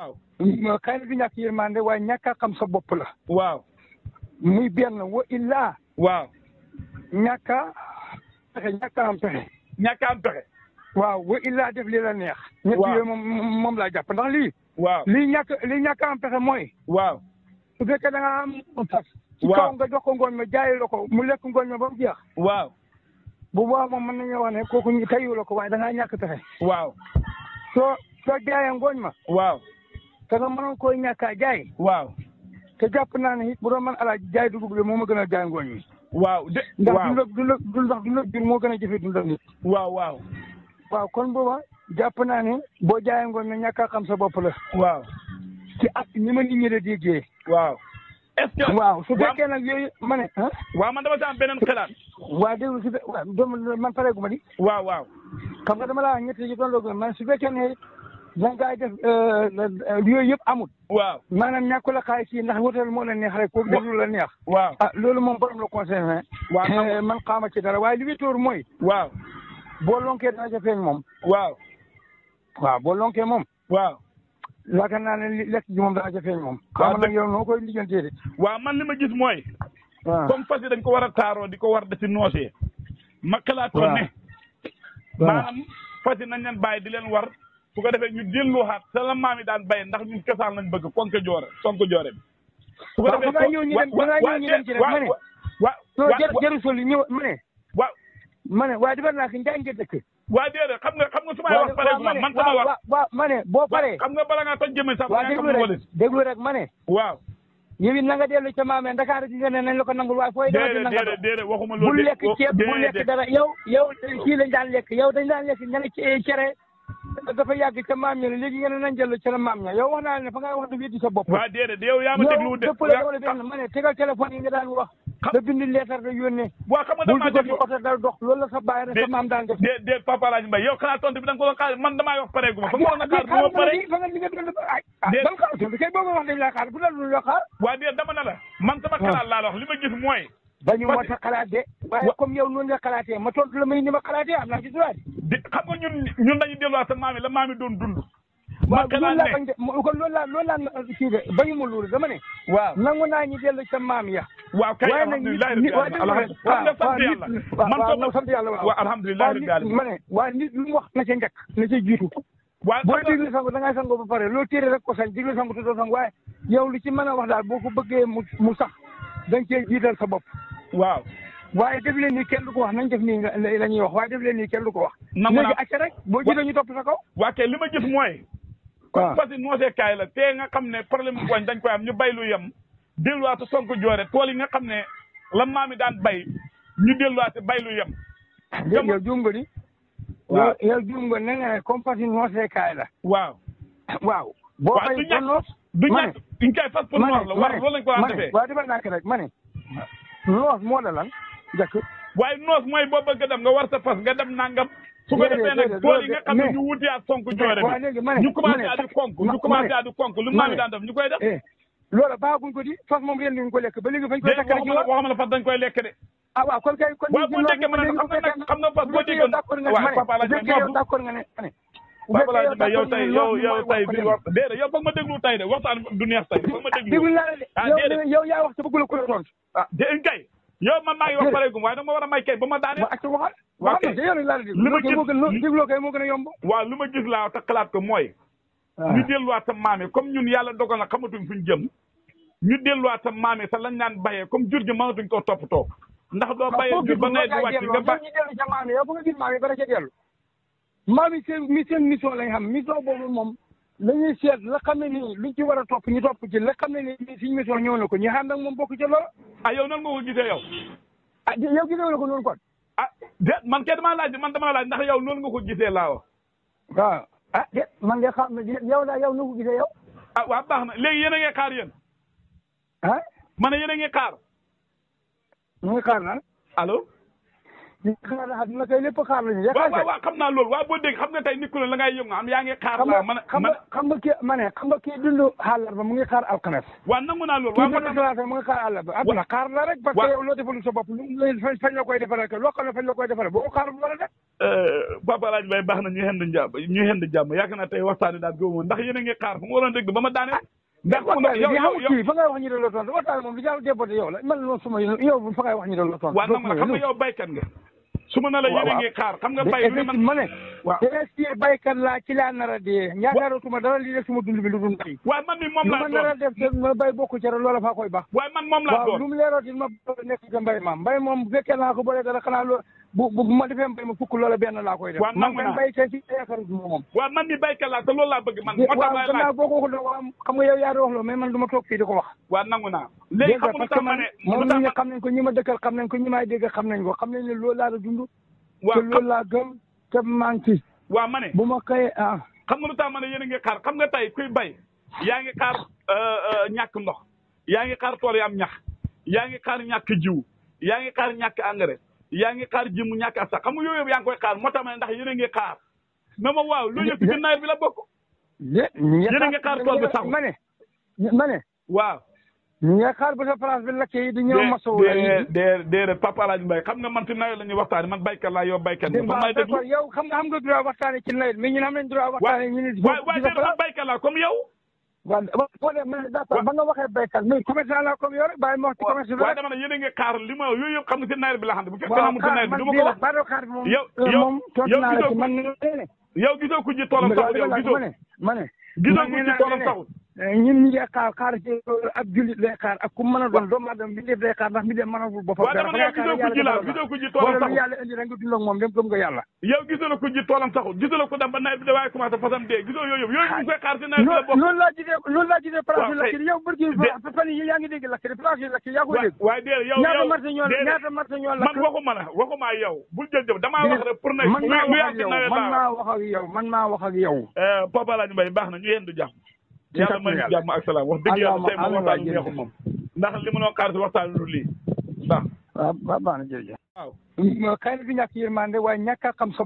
waaw kaay bi ñàkk yërmande waaye ñàkk a xam sa bopp la. waaw. muy benn woo illaa. waaw. ñàkk a pexe ñàkk a am pexe. ñàkk am pexe. waaw wa illaa def li la neex. waaw ñett moom moom laa jàpp ndax li waaw li ñàkk lii ñàkk am pexe mooy. waaw. su fekkee da am waaw nga jox ko ngooñ ma jaayi la ko mu lekk ngooñ ma ba mu jeex. waaw. bu boobaa moom mën nañoo wax ne kooku tayu la waaye da ngaa ñàkk pexe. waaw. soo soo jaayee ngooñ ma. waaw. te nga mënoon koy ñàkk a jaay. waaw. te jàpp naa ne it bu doon mën jaay dugub bi moo ma gën a jaay ngooñ mi. waaw de waaw ndax dund ak dund ak moo gën a jëfee dund ak nit. waaw waaw. waaw kon booba jàpp naa ne boo jaayee ngooñ mi ñàkk a xam sa bop la. waaw. ci at ni ma nit ñi la déggee. waaw. est waaw su nag yooyu ma ne ah. waaw man dama si am beneen xalaat. waaw de man pareegu ma di. waaw waaw. xam nga dama laa wax ñett yi doon man su fekkee ba gars yi def euh, yooyu yëpp amul. waaw maanaam ñàkkul a xaalis yi ndax wutal moo la neex rek kooku def lu la neex. waaw ah loolu moom borom la concerné. waaw eh, man xaama ci dara waaye li muy tóor mooy. waaw boo lonkee dana ca feeñ moom. waaw. boo lonkee moom. waaw. yaakaar naa ne lekk gi moom dana ca feeñ moom. waaw nag yow noo koy lijjantee de. waaw man li ma gis mooy. waaw comme fas yi dañ ko war a taaroo di ko war da si noosee. ma xalaatoon ne. maanaam fas nañ leen bàyyi di leen war. su ko defee ñu delluwaat sa la maam yi daan béy ndax ñun cosaan lañ bëgg konk joore sonk joore bi su ko defee ñëw ñu dem dangaa ñëw ñu dem ci nag ma ne waa non jëru sol yi ñëw ma ne waaw ma ne waaye defar naa si njaañ nga dëkk waa déedéet xam nga xam nga su may wax pare man sama wax waaw ma ne boo paree xam nga bala ngaa toj jëmee sax waaw déglu rek déglu rek ma ne waaw yow it na nga dellu ca maamee Dakar di nga ne nañ la ko nangul waaye fooy dama di nanga bu lekk ceeb bu lekk dara yow yow kii lañ daan lekk yow dañ daan lekk ña ne cere dafa yàgg ca maam ña ne léegi ngeen nañ jël ca la wax naa ne fa nga wax du wéddi sa bopp waaw déedéet yow yaa ma déglu de ma ne tegal téléphone yi nga daan wax da nga damaa déglu oto dal dox Papa Laaj Mbaye yow xanaa man damaa pare gu ma fa nga xaar bu ma pare fa nga li nga doon ay ah, ban xaar kay man sama xalaat ah. laa wax li ma gis mooy bañu moo tax xalaat de waaye comme yow noonu nga xalaatee ma tontu la may ni ma xalaatee am naa ci droit di xam nga ñun ñun dañuy delluwaat sa maam yi la maam yi doon dund waaw loolu laa bañ de kon loolu laa loolu laa kii de bañu ma loolu dama ne waaw nangu naa ñu dellu sa maam ya waaw kay alhamdulilah waaw sant yàlla waaw alhamdulilah ma ne waaw nit lu mu wax na ca njëkk na ca jiitu waaw boo déglu sangu da ngay sangu ba pare loolu téere rek ko sañ déglu sangu te doo sangu waaye yow li ci mën a wax daal boo ko bëggee mu sax danga cee jiital sa bopp waaw waaye def leen nii kenn du ko wax nañ def nii la ñuy wax waaye def leen nii kenn du ko wax na a ak acca rek boo jiitee ñu topp sa kaw waa kay li ma gis mooy waaw parce que noosee kaay la te nga xam ne problème bu koñ dañ koy am ñu bay lu yem delluwaatu sonk joore tool yi nga xam ne la maam yi daan bay ñu delluwaate bay lu yem yow juum nga ni yow juum nga ne ne comme parce que noosee la waaw waaw boo fay du ñàkk du ñàkk fas pour noos la war loolu lañ ko war a defee waaye naa ko rek ma ne noos moo la lan waaye noos mooy boo bëgg a dem nga war sa fas nga dem nangam su ko defee nga xam ne ñu wuti ak sonk ñoo dem ñu commencé à di konk ñu commencé à di konk lu maam yi daan def ñu eh, ko di fas moom ren duñ ko lekk ba léegi fañ koy takk rek waxuma la fas de ah waaw kon kay kon waaw bu a xam nga fas boo déggoon waaw papa la waaw balaa ñu yow tey yow yow bi wax déedéet yow foog ma déglu tey de waxtaan du neex tey foog ma déglu. déglu naa la ah, yow yaa wax te bëggul ko tontu. ah déedéet kay yow man maa ngi wax pareegum waaye nag ma war a may kay ba ma daanee. waaw ak waxal. waaw kay li ma gis dégloo kay moo gën a yomb. waaw li ma gis laa te xalaat ko mooy. Ah. ñu delluwaat sa maam yi comme ñun yàlla dogal na xamatuñ fuñ jëm. ñu delluwaat sa maam yi te lañ naan bayee comme jur gi mënatuñ koo toppatoo. ndax doo bayee jur ba nawet bi wàcc maam yi seen mi seen mission lañ xam mission boobu moom la ñuy seet la xam ne nii luñ ci war a topp ñu topp ci la xam ne ni suñ mission ñëw na ko ñu ànd ak moom bokk ca loola. ah yow nan nga ko gisee yow. ah yow gisee na ko noonu kon. ah de man kay damaa laaj man damaa laaj ndax yow noonu nga ko gisee laa wax. waaw ah de man de xam yow daal yow nu ko gisee yow. ah waaw baax na léegi yéen a ngi xaar yéen. ah. ma ne yéen a ngi xaar. mu ngi xaar naan. ñu xaar àdduna la kay lépp xaar naa loolu waaw boo dégg xam nga tey nit ku la la ngay am yaa ngi xaar la man xam nga xam nga kii ma ne xam nga kii dund xaalar ba mu ngi xaar alxames waaw nangu naa loolu waaw dund mu ngi xaar ba àdduna xaar la rek parce que yow loo bopp la koy defal rek loo xam ne la koy defal boo ko xaar bu war a Bay baax na ñu xend jàmm ñu xend jàmm yaakaar naa tey waxtaan bi daal gëw moon ndax yéen a ngi xaar fu mu waroon dégg ba ma daanee ndax waxtaan bi xamul kii fa ngay wax ñu de la tontu waxtaan moom bi jàll débote yow la man moom suma yow fa ngay wax ñu de la tontu. waaw xam nga yow baykat nga su ma na la yéene ngi xaar xam nga bay lu man ma ne waaw dee baykat laa ci laa nar a dee ñaakaaratuma dara li nekk suma dund bi lu dul mbay waaye man mi moom laa doon lu ma nar a def ma bay bokku ca loola faa koy baax waaye man moom laa doon waaw lu mu leerootin ma nekk ca mbay ma mbay moom fekkee naa ko boolee dara xanaa loolu bu bu ma defee mbay ma fukk loola benn laa koy def waaw man koy baykat ci yaakaarutuma moom waaw man mi baykat laa te loolu laa bëgg man moo tax waaw naa boo ko waxul waaw xam nga yow yaa di wax loolu mais man du ma toog fii di ko wax waaw nangu naa léegi xamul tax ma ne moom ñi nga xam nañ ko ñi ma dëkkal xam nañ ko ñi may dégg xam nañ ko xam nañ ne loolu laa dund dund. waaw te loolu laa gëm maa ngi waaw ma ne bu ma xëyee ah. xam nga lu tax ma ne yéen a ngi xam nga tey kuy bay yaa ngi xaar euh, euh, ñàkk ndox yaa ngi xaar tool yi am ñax yaa ngi xaar ñàkk jiw yaa ngi xaar ñàkk engrais yaa ngi xaar ji mu ñàkk a sax xam nga yaa ngi koy xaar moo tax ma ndax yéen a ngi xaar na ma waaw loolu yëpp ci nawet bi la bokk. yéen a ngi xaar sax ma ne waaw. ñu ngi xaar ba sa place bi lakk yi di ñëw masawu la ñuy. déedéet déedéet Papa Alaaji Mbaye xam nga man fi nawet la ñuy waxtaanee man béykat laa yow béykat nga. man may ah, déglu yow xam nga am nga droit waxtaanee ci nawet mi ñun am nañ droit waxtaanee. ñu ne waay waay déedéet man béykat laa comme yow. waaw boo dee man d'accord ba nga waxee béykat muy commerçant laa comme yow rek bàyyi ma wax ci commerce bi. waaw dama ne yéen a ngi xaar li ma yooyu yëpp xam nga ci nawet bi la xam ne bu fekkee amul ci nawet bi du ma ko wax. waaw xaar man bii la xaar bi moom yow gisoo ku ji toolam saxul yow gisoo gisoo ku ji toolam saxul ñun ñu ngi xaar xaar ci ab jullit lay xaar ak ku mën a doon doomu aadama bi def lay xaar ndax mi def mënagul boppam dama ne gisoo ku ji la gisoo ku ji toolam saxul yàlla indi rek nga dund ak moom dem gëm nga yàlla yow gisoo ku ji toolam saxul gisoo ko dem ba nawet bi da waaye commencé fasam dee gisoo yooyu yëpp yooyu ñu ngi koy xaar si nawet la bokk loolu laa gisee loolu laa gisee place lakk yow bërki fan yi yaa ngi dégg lakk place lakk yaa ko dégg waaye déedéet yow ñaata marché ñoo ñaata marché ñoo lakk man waxuma la waxuma yow bul jël jëf damaa wax rek pour na man maa wax ak yow man maa wax ak yow eh, papa laaj mbay baax na ñu yendu jàmm yàlla may jàmm ak salaam wax dëgg yàlla tey moom waxtaan neexu moom ndax li mënoo xaar si waxtaan lu lii ndax waaw ah, baax na jërëjëf waaw xëy na du ñàkk yërmande waaye ñàkk a xam sa